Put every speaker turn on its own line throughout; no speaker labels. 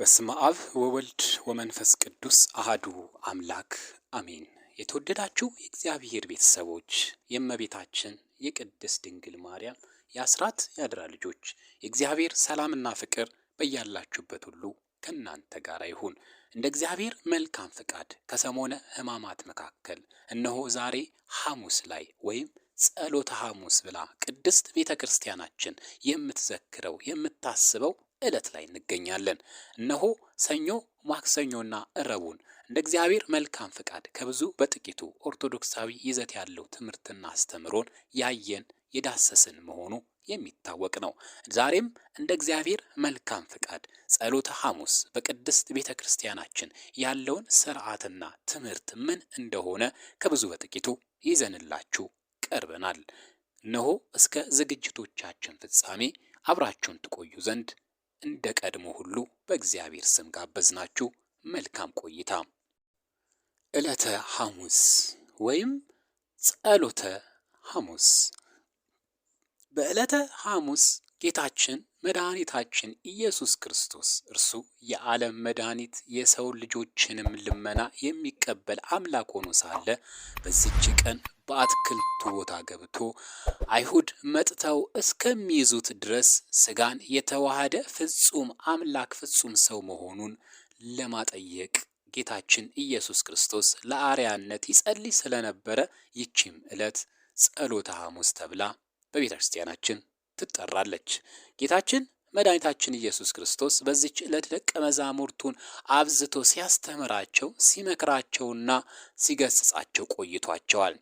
በስመ አብ ወወልድ ወመንፈስ ቅዱስ አህዱ አምላክ አሜን። የተወደዳችሁ የእግዚአብሔር ቤተሰቦች የእመቤታችን የቅድስት ድንግል ማርያም የአስራት ያድራ ልጆች የእግዚአብሔር ሰላምና ፍቅር በያላችሁበት ሁሉ ከእናንተ ጋር ይሁን። እንደ እግዚአብሔር መልካም ፈቃድ ከሰሞነ ሕማማት መካከል እነሆ ዛሬ ሐሙስ ላይ ወይም ጸሎተ ሐሙስ ብላ ቅድስት ቤተ ክርስቲያናችን የምትዘክረው የምታስበው ዕለት ላይ እንገኛለን። እነሆ ሰኞ፣ ማክሰኞና እረቡን እንደ እግዚአብሔር መልካም ፍቃድ ከብዙ በጥቂቱ ኦርቶዶክሳዊ ይዘት ያለው ትምህርትና አስተምሮን ያየን የዳሰስን መሆኑ የሚታወቅ ነው። ዛሬም እንደ እግዚአብሔር መልካም ፍቃድ ጸሎተ ሐሙስ በቅድስት ቤተ ክርስቲያናችን ያለውን ስርዓትና ትምህርት ምን እንደሆነ ከብዙ በጥቂቱ ይዘንላችሁ ቀርበናል። እነሆ እስከ ዝግጅቶቻችን ፍጻሜ አብራችሁን ትቆዩ ዘንድ እንደ ቀድሞ ሁሉ በእግዚአብሔር ስም ጋበዝናችሁ። መልካም ቆይታ። ዕለተ ሐሙስ ወይም ጸሎተ ሐሙስ። በዕለተ ሐሙስ ጌታችን መድኃኒታችን ኢየሱስ ክርስቶስ እርሱ የዓለም መድኃኒት የሰው ልጆችንም ልመና የሚቀበል አምላክ ሆኖ ሳለ በዚች ቀን በአትክልቱ ቦታ ገብቶ አይሁድ መጥተው እስከሚይዙት ድረስ ስጋን የተዋሃደ ፍጹም አምላክ ፍጹም ሰው መሆኑን ለማጠየቅ ጌታችን ኢየሱስ ክርስቶስ ለአርያነት ይጸልይ ስለነበረ ይቺም ዕለት ጸሎተ ሐሙስ ተብላ በቤተ ክርስቲያናችን ትጠራለች። ጌታችን መድኃኒታችን ኢየሱስ ክርስቶስ በዚች ዕለት ደቀ መዛሙርቱን አብዝቶ ሲያስተምራቸው ሲመክራቸውና ሲገስጻቸው ቆይቷቸዋል።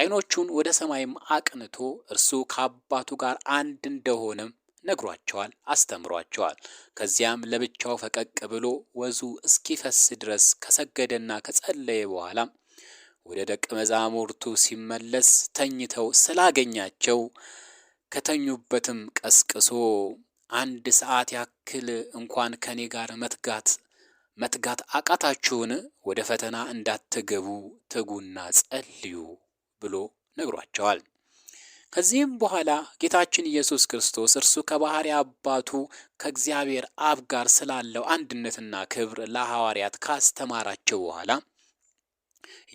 ዓይኖቹን ወደ ሰማይም አቅንቶ እርሱ ከአባቱ ጋር አንድ እንደሆነም ነግሯቸዋል፣ አስተምሯቸዋል። ከዚያም ለብቻው ፈቀቅ ብሎ ወዙ እስኪፈስ ድረስ ከሰገደና ከጸለየ በኋላ ወደ ደቀ መዛሙርቱ ሲመለስ ተኝተው ስላገኛቸው ከተኙበትም ቀስቅሶ አንድ ሰዓት ያክል እንኳን ከኔ ጋር መትጋት መትጋት አቃታችሁን? ወደ ፈተና እንዳትገቡ ትጉና ጸልዩ ብሎ ነግሯቸዋል። ከዚህም በኋላ ጌታችን ኢየሱስ ክርስቶስ እርሱ ከባሕሪ አባቱ ከእግዚአብሔር አብ ጋር ስላለው አንድነትና ክብር ለሐዋርያት ካስተማራቸው በኋላ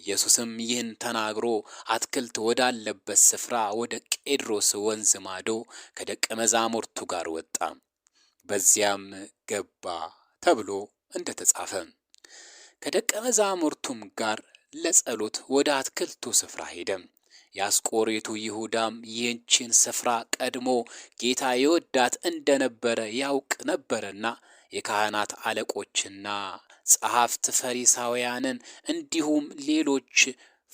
ኢየሱስም ይህን ተናግሮ አትክልት ወዳለበት ስፍራ ወደ ቄድሮስ ወንዝ ማዶ ከደቀ መዛሙርቱ ጋር ወጣ፣ በዚያም ገባ ተብሎ እንደ ተጻፈ ከደቀ መዛሙርቱም ጋር ለጸሎት ወደ አትክልቱ ስፍራ ሄደ። የአስቆሬቱ ይሁዳም ይህችን ስፍራ ቀድሞ ጌታ የወዳት እንደነበረ ያውቅ ነበርና የካህናት አለቆችና ጸሐፍት ፈሪሳውያንን እንዲሁም ሌሎች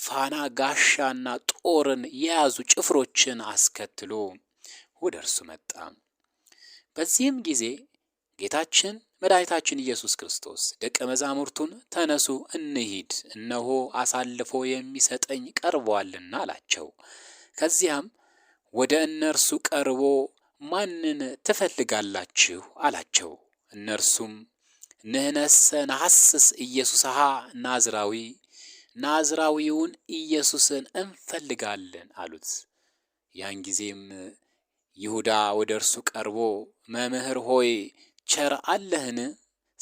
ፋና ጋሻና ጦርን የያዙ ጭፍሮችን አስከትሎ ወደ እርሱ መጣ። በዚህም ጊዜ ጌታችን መድኃኒታችን ኢየሱስ ክርስቶስ ደቀ መዛሙርቱን ተነሱ፣ እንሂድ፣ እነሆ አሳልፎ የሚሰጠኝ ቀርቧልና አላቸው። ከዚያም ወደ እነርሱ ቀርቦ ማንን ትፈልጋላችሁ? አላቸው። እነርሱም ንህነሰ ነሐስስ ኢየሱስሃ ናዝራዊ ናዝራዊውን ኢየሱስን እንፈልጋለን አሉት። ያን ጊዜም ይሁዳ ወደ እርሱ ቀርቦ መምህር ሆይ ቸር አለህን?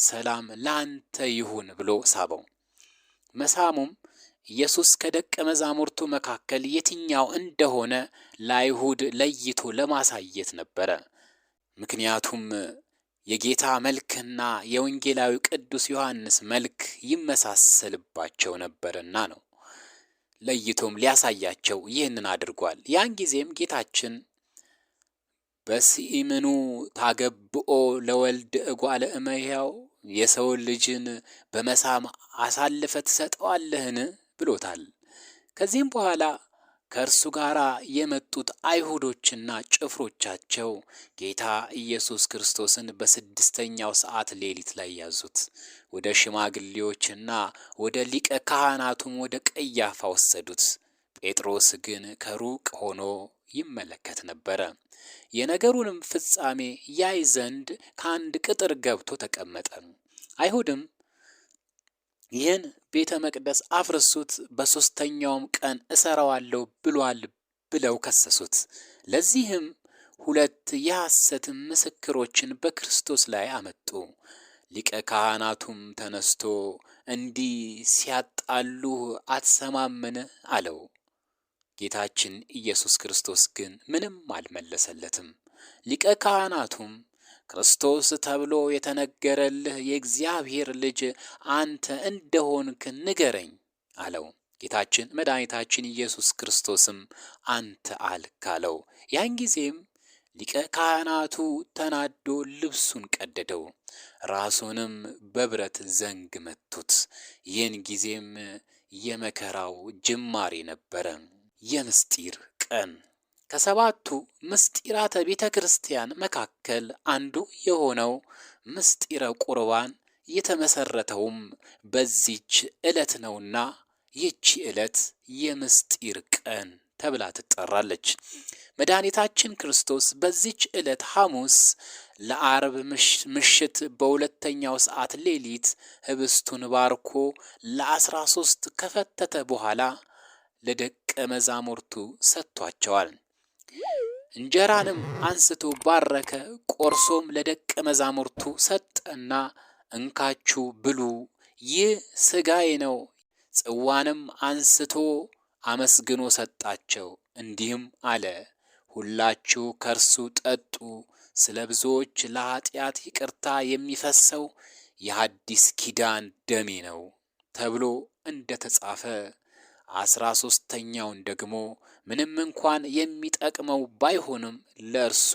ሰላም ላንተ ይሁን ብሎ ሳበው። መሳሙም ኢየሱስ ከደቀ መዛሙርቱ መካከል የትኛው እንደሆነ ለአይሁድ ለይቶ ለማሳየት ነበረ። ምክንያቱም የጌታ መልክና የወንጌላዊ ቅዱስ ዮሐንስ መልክ ይመሳሰልባቸው ነበርና ነው። ለይቶም ሊያሳያቸው ይህንን አድርጓል። ያን ጊዜም ጌታችን በሲምኑ ታገብኦ ለወልድ እጓለ እመሕያው የሰውን ልጅን በመሳም አሳልፈ ትሰጠዋለህን ብሎታል። ከዚህም በኋላ ከእርሱ ጋር የመጡት አይሁዶችና ጭፍሮቻቸው ጌታ ኢየሱስ ክርስቶስን በስድስተኛው ሰዓት ሌሊት ላይ ያዙት። ወደ ሽማግሌዎችና ወደ ሊቀ ካህናቱም ወደ ቀያፋ ወሰዱት። ጴጥሮስ ግን ከሩቅ ሆኖ ይመለከት ነበረ። የነገሩንም ፍጻሜ ያይ ዘንድ ከአንድ ቅጥር ገብቶ ተቀመጠ። አይሁድም ይህን ቤተ መቅደስ አፍርሱት፣ በሦስተኛውም ቀን እሰራዋለሁ ብሏል ብለው ከሰሱት። ለዚህም ሁለት የሐሰት ምስክሮችን በክርስቶስ ላይ አመጡ። ሊቀ ካህናቱም ተነስቶ እንዲህ ሲያጣሉህ አትሰማምን አለው። ጌታችን ኢየሱስ ክርስቶስ ግን ምንም አልመለሰለትም። ሊቀ ካህናቱም ክርስቶስ ተብሎ የተነገረልህ የእግዚአብሔር ልጅ አንተ እንደሆንክ ንገረኝ አለው። ጌታችን መድኃኒታችን ኢየሱስ ክርስቶስም አንተ አልክ አለው። ያን ጊዜም ሊቀ ካህናቱ ተናዶ ልብሱን ቀደደው፣ ራሱንም በብረት ዘንግ መቱት። ይህን ጊዜም የመከራው ጅማሬ ነበረ፣ የምስጢር ቀን ከሰባቱ ምስጢራተ ቤተ ክርስቲያን መካከል አንዱ የሆነው ምስጢረ ቁርባን የተመሰረተውም በዚች ዕለት ነውና ይቺ ዕለት የምስጢር ቀን ተብላ ትጠራለች። መድኃኒታችን ክርስቶስ በዚች ዕለት ሐሙስ ለአርብ ምሽት በሁለተኛው ሰዓት ሌሊት ህብስቱን ባርኮ ለአስራ ሶስት ከፈተተ በኋላ ለደቀ መዛሙርቱ ሰጥቷቸዋል። እንጀራንም አንስቶ ባረከ፣ ቆርሶም ለደቀ መዛሙርቱ ሰጠና እንካችሁ ብሉ፣ ይህ ሥጋዬ ነው። ጽዋንም አንስቶ አመስግኖ ሰጣቸው፣ እንዲህም አለ፣ ሁላችሁ ከእርሱ ጠጡ። ስለ ብዙዎች ለኀጢአት ይቅርታ የሚፈሰው የሐዲስ ኪዳን ደሜ ነው ተብሎ እንደ ተጻፈ አስራ ሦስተኛውን ደግሞ ምንም እንኳን የሚጠቅመው ባይሆንም ለእርሱ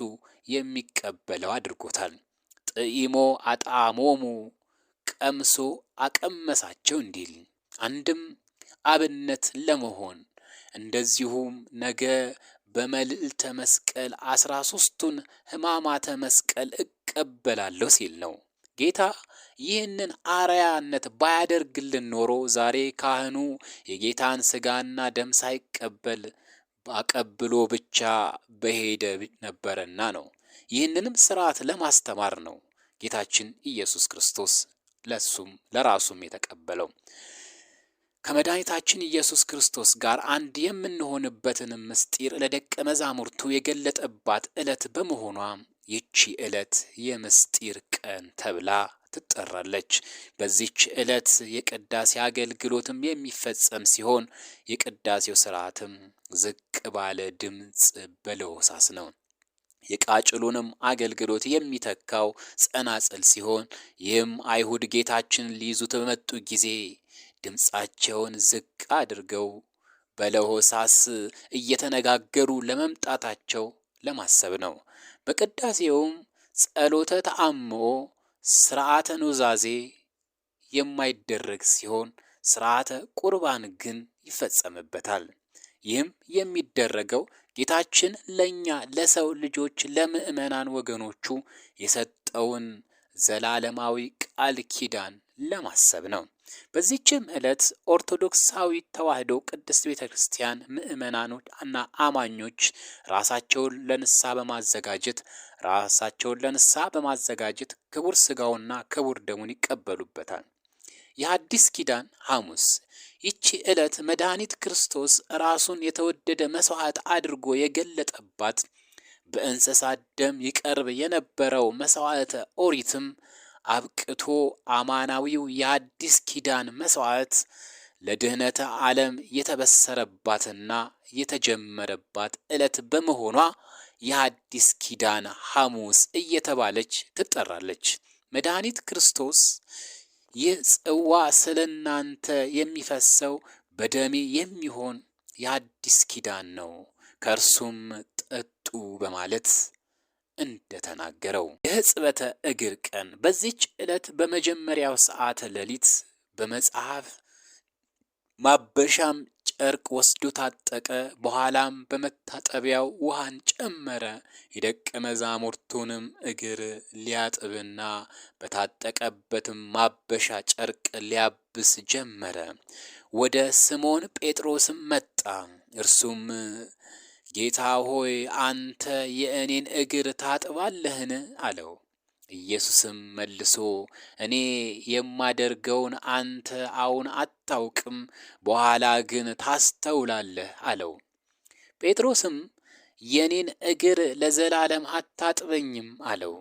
የሚቀበለው አድርጎታል። ጥኢሞ አጣሞሙ ቀምሶ አቀመሳቸው እንዲል አንድም አብነት ለመሆን እንደዚሁም ነገ በመልዕልተ መስቀል አስራ ሶስቱን ሕማማተ መስቀል እቀበላለሁ ሲል ነው። ጌታ ይህንን አርያነት ባያደርግልን ኖሮ ዛሬ ካህኑ የጌታን ሥጋና ደም ሳይቀበል አቀብሎ ብቻ በሄደ ነበረና ነው። ይህንንም ስርዓት ለማስተማር ነው ጌታችን ኢየሱስ ክርስቶስ ለሱም ለራሱም የተቀበለው ከመድኃኒታችን ኢየሱስ ክርስቶስ ጋር አንድ የምንሆንበትን ምስጢር ለደቀ መዛሙርቱ የገለጠባት ዕለት በመሆኗ ይቺ ዕለት የምስጢር ቀን ተብላ ትጠራለች። በዚች ዕለት የቅዳሴ አገልግሎትም የሚፈጸም ሲሆን የቅዳሴው ስርዓትም ዝቅ ባለ ድምፅ በለሆሳስ ነው። የቃጭሉንም አገልግሎት የሚተካው ጸናጽል ሲሆን ይህም አይሁድ ጌታችን ሊይዙት በመጡ ጊዜ ድምፃቸውን ዝቅ አድርገው በለሆሳስ እየተነጋገሩ ለመምጣታቸው ለማሰብ ነው። በቅዳሴውም ጸሎተ ተአምኦ ስርዓተ ኑዛዜ የማይደረግ ሲሆን ስርዓተ ቁርባን ግን ይፈጸምበታል። ይህም የሚደረገው ጌታችን ለእኛ ለሰው ልጆች ለምዕመናን ወገኖቹ የሰጠውን ዘላለማዊ ቃል ኪዳን ለማሰብ ነው። በዚህችም ዕለት ኦርቶዶክሳዊ ተዋህዶ ቅድስት ቤተ ክርስቲያን ምዕመናኖች እና አማኞች ራሳቸውን ለንሳ በማዘጋጀት ራሳቸውን ለንሳ በማዘጋጀት ክቡር ስጋውና ክቡር ደሙን ይቀበሉበታል። የአዲስ ኪዳን ሐሙስ ይቺ ዕለት መድኃኒት ክርስቶስ ራሱን የተወደደ መሥዋዕት አድርጎ የገለጠባት በእንስሳት ደም ይቀርብ የነበረው መሥዋዕተ ኦሪትም አብቅቶ አማናዊው የአዲስ ኪዳን መስዋዕት ለድህነተ ዓለም የተበሰረባትና የተጀመረባት ዕለት በመሆኗ የአዲስ ኪዳን ሐሙስ እየተባለች ትጠራለች። መድኃኒት ክርስቶስ ይህ ጽዋ ስለ እናንተ የሚፈሰው በደሜ የሚሆን የአዲስ ኪዳን ነው፣ ከእርሱም ጠጡ በማለት እንደተናገረው የሕጽበተ እግር ቀን በዚች ዕለት በመጀመሪያው ሰዓት ሌሊት በመጽሐፍ ማበሻም ጨርቅ ወስዶ ታጠቀ። በኋላም በመታጠቢያው ውሃን ጨመረ። የደቀ መዛሙርቱንም እግር ሊያጥብና በታጠቀበትም ማበሻ ጨርቅ ሊያብስ ጀመረ። ወደ ስምዖን ጴጥሮስም መጣ። እርሱም ጌታ ሆይ አንተ የእኔን እግር ታጥባለህን? አለው። ኢየሱስም መልሶ እኔ የማደርገውን አንተ አሁን አታውቅም፣ በኋላ ግን ታስተውላለህ አለው። ጴጥሮስም የእኔን እግር ለዘላለም አታጥበኝም አለው።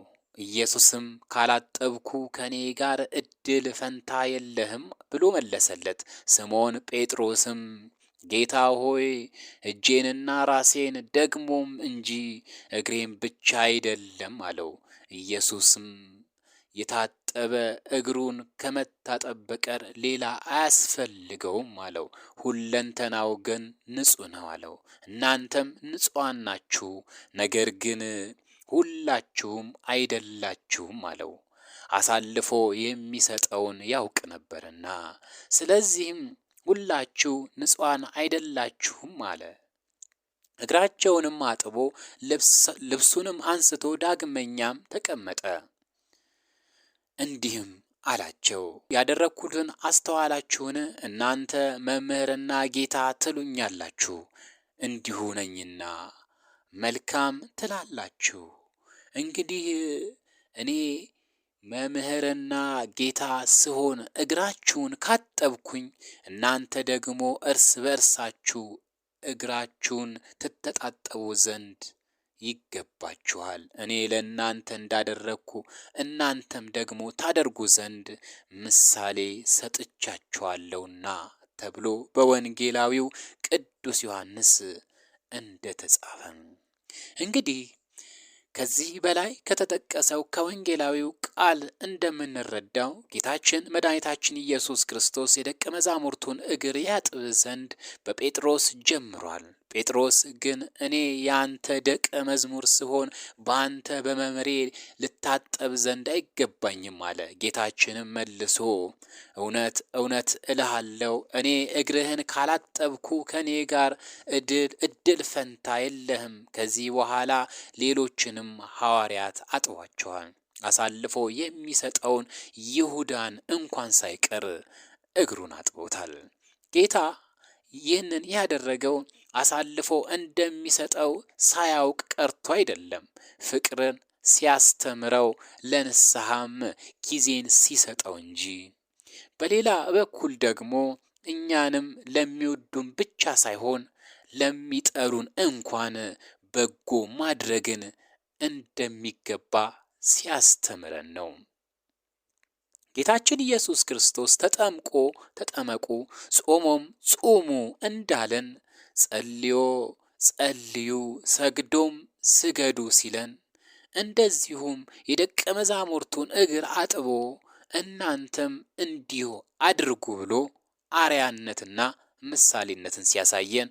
ኢየሱስም ካላጠብኩ ከእኔ ጋር እድል ፈንታ የለህም ብሎ መለሰለት። ስምዖን ጴጥሮስም ጌታ ሆይ እጄንና ራሴን ደግሞም እንጂ እግሬን ብቻ አይደለም አለው። ኢየሱስም የታጠበ እግሩን ከመታጠብ በቀር ሌላ አያስፈልገውም አለው። ሁለንተናው ግን ንጹሕ ነው አለው። እናንተም ንጹሐን ናችሁ፣ ነገር ግን ሁላችሁም አይደላችሁም አለው። አሳልፎ የሚሰጠውን ያውቅ ነበርና ስለዚህም ሁላችሁ ንጹሐን አይደላችሁም አለ። እግራቸውንም አጥቦ ልብሱንም አንስቶ ዳግመኛም ተቀመጠ። እንዲህም አላቸው፣ ያደረግኩትን አስተዋላችሁን? እናንተ መምህርና ጌታ ትሉኛላችሁ፣ እንዲሁ ነኝና መልካም ትላላችሁ። እንግዲህ እኔ መምህርና ጌታ ስሆን እግራችሁን ካጠብኩኝ እናንተ ደግሞ እርስ በእርሳችሁ እግራችሁን ትተጣጠቡ ዘንድ ይገባችኋል። እኔ ለእናንተ እንዳደረግኩ እናንተም ደግሞ ታደርጉ ዘንድ ምሳሌ ሰጥቻችኋለሁና ተብሎ በወንጌላዊው ቅዱስ ዮሐንስ ተጻፈ እንግዲህ ከዚህ በላይ ከተጠቀሰው ከወንጌላዊው ቃል እንደምንረዳው ጌታችን መድኃኒታችን ኢየሱስ ክርስቶስ የደቀ መዛሙርቱን እግር ያጥብ ዘንድ በጴጥሮስ ጀምሯል። ጴጥሮስ ግን እኔ ያንተ ደቀ መዝሙር ስሆን በአንተ በመምሬ ልታጠብ ዘንድ አይገባኝም አለ። ጌታችንም መልሶ እውነት እውነት እልሃለሁ እኔ እግርህን ካላጠብኩ ከእኔ ጋር እድል እድል ፈንታ የለህም። ከዚህ በኋላ ሌሎችንም ሐዋርያት አጥቧቸዋል። አሳልፎ የሚሰጠውን ይሁዳን እንኳን ሳይቀር እግሩን አጥቦታል። ጌታ ይህንን ያደረገው አሳልፎ እንደሚሰጠው ሳያውቅ ቀርቶ አይደለም። ፍቅርን ሲያስተምረው ለንስሐም ጊዜን ሲሰጠው እንጂ። በሌላ በኩል ደግሞ እኛንም ለሚወዱን ብቻ ሳይሆን ለሚጠሩን እንኳን በጎ ማድረግን እንደሚገባ ሲያስተምረን ነው። ጌታችን ኢየሱስ ክርስቶስ ተጠምቆ ተጠመቁ፣ ጾሞም ጾሙ እንዳለን ጸልዮ ጸልዩ ሰግዶም ስገዱ ሲለን እንደዚሁም የደቀ መዛሙርቱን እግር አጥቦ እናንተም እንዲሁ አድርጉ ብሎ አርያነትና ምሳሌነትን ሲያሳየን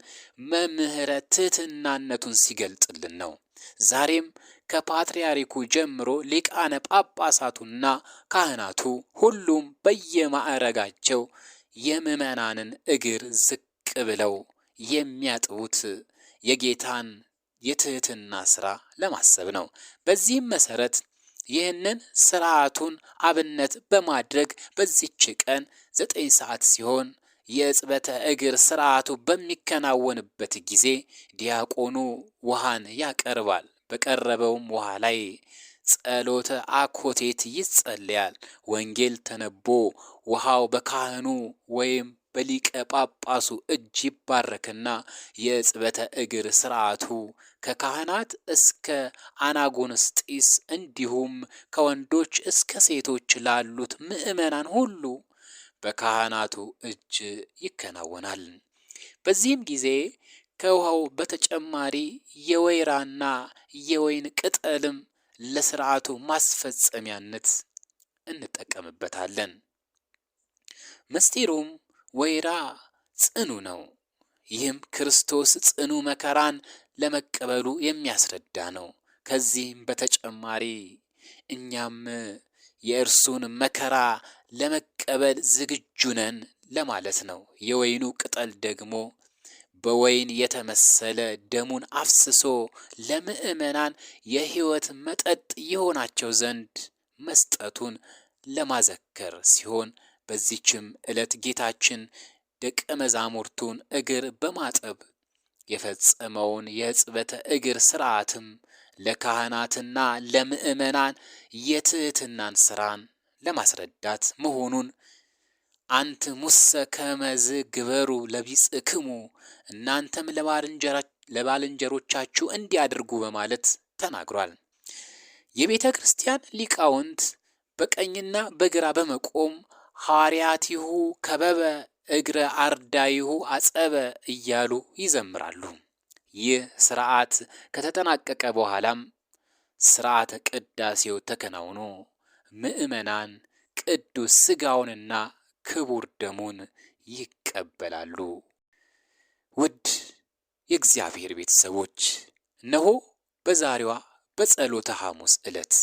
መምህረ ትህትናነቱን ሲገልጥልን ነው። ዛሬም ከፓትርያርኩ ጀምሮ ሊቃነ ጳጳሳቱና ካህናቱ ሁሉም በየማዕረጋቸው የምእመናንን እግር ዝቅ ብለው የሚያጥቡት የጌታን የትህትና ስራ ለማሰብ ነው። በዚህም መሰረት ይህንን ስርዓቱን አብነት በማድረግ በዚች ቀን ዘጠኝ ሰዓት ሲሆን የእጽበተ እግር ስርዓቱ በሚከናወንበት ጊዜ ዲያቆኑ ውሃን ያቀርባል። በቀረበውም ውሃ ላይ ጸሎተ አኮቴት ይጸለያል። ወንጌል ተነቦ ውሃው በካህኑ ወይም በሊቀ ጳጳሱ እጅ ይባረክና የእጽበተ እግር ስርዓቱ ከካህናት እስከ አናጎንስጢስ እንዲሁም ከወንዶች እስከ ሴቶች ላሉት ምዕመናን ሁሉ በካህናቱ እጅ ይከናወናል። በዚህም ጊዜ ከውሃው በተጨማሪ የወይራና የወይን ቅጠልም ለስርዓቱ ማስፈጸሚያነት እንጠቀምበታለን። ምስጢሩም ወይራ ጽኑ ነው። ይህም ክርስቶስ ጽኑ መከራን ለመቀበሉ የሚያስረዳ ነው። ከዚህም በተጨማሪ እኛም የእርሱን መከራ ለመቀበል ዝግጁ ነን ለማለት ነው። የወይኑ ቅጠል ደግሞ በወይን የተመሰለ ደሙን አፍስሶ ለምእመናን የሕይወት መጠጥ የሆናቸው ዘንድ መስጠቱን ለማዘከር ሲሆን በዚችም ዕለት ጌታችን ደቀ መዛሙርቱን እግር በማጠብ የፈጸመውን የሕጽበተ እግር ሥርዓትም ለካህናትና ለምዕመናን የትሕትናን ሥራን ለማስረዳት መሆኑን አንት ሙሰ ከመዝ ግበሩ ለቢጽክሙ እናንተም ለባልንጀሮቻችሁ እንዲያደርጉ በማለት ተናግሯል። የቤተ ክርስቲያን ሊቃውንት በቀኝና በግራ በመቆም ሐዋርያቲሁ ከበበ እግረ አርዳይሁ አጸበ እያሉ ይዘምራሉ። ይህ ስርዓት ከተጠናቀቀ በኋላም ስርዓተ ቅዳሴው ተከናውኖ ምዕመናን ቅዱስ ስጋውንና ክቡር ደሙን ይቀበላሉ። ውድ የእግዚአብሔር ቤተሰቦች እነሆ በዛሬዋ በጸሎተ ሐሙስ ዕለት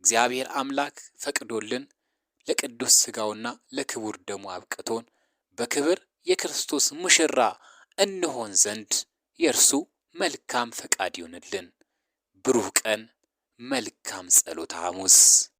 እግዚአብሔር አምላክ ፈቅዶልን ለቅዱስ ስጋውና ለክቡር ደሙ አብቅቶን በክብር የክርስቶስ ሙሽራ እንሆን ዘንድ የእርሱ መልካም ፈቃድ ይሁንልን። ብሩህ ቀን፣ መልካም ጸሎተ ሐሙስ።